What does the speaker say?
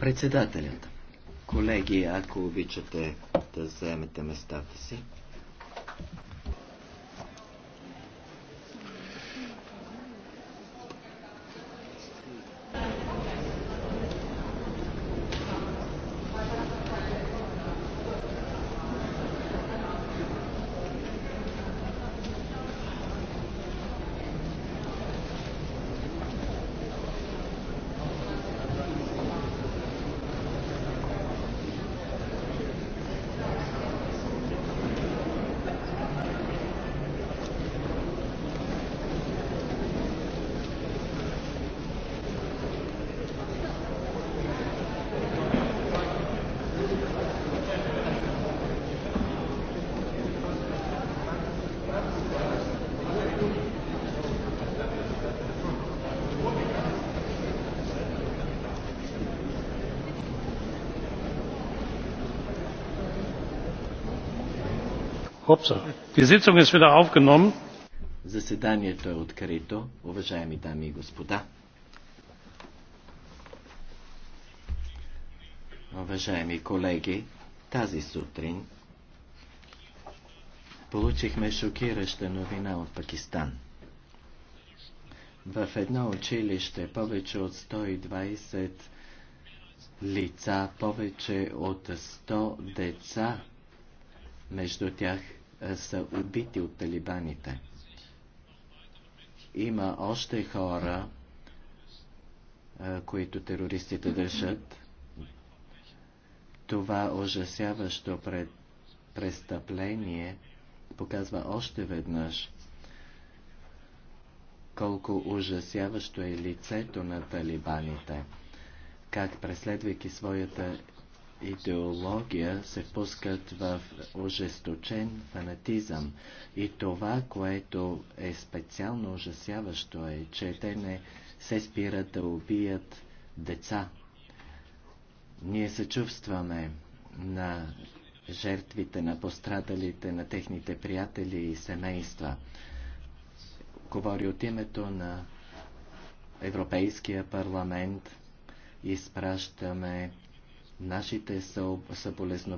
Председателят, колеги, ако обичате да заемете местата си. Заседанието е открито, уважаеми дами и господа. Уважаеми колеги, тази сутрин получихме шокираща новина от Пакистан. В едно училище повече от 120 лица, повече от 100 деца, между тях е, са убити от талибаните. Има още хора, е, които терористите държат. Това ужасяващо пред престъпление показва още веднъж колко ужасяващо е лицето на талибаните, как преследвайки своята идеология се впускат в ожесточен фанатизъм. И това, което е специално ужасяващо е, че те не се спират да убият деца. Ние се чувстваме на жертвите, на пострадалите, на техните приятели и семейства. Говори от името на Европейския парламент, изпращаме Нашите съболезнования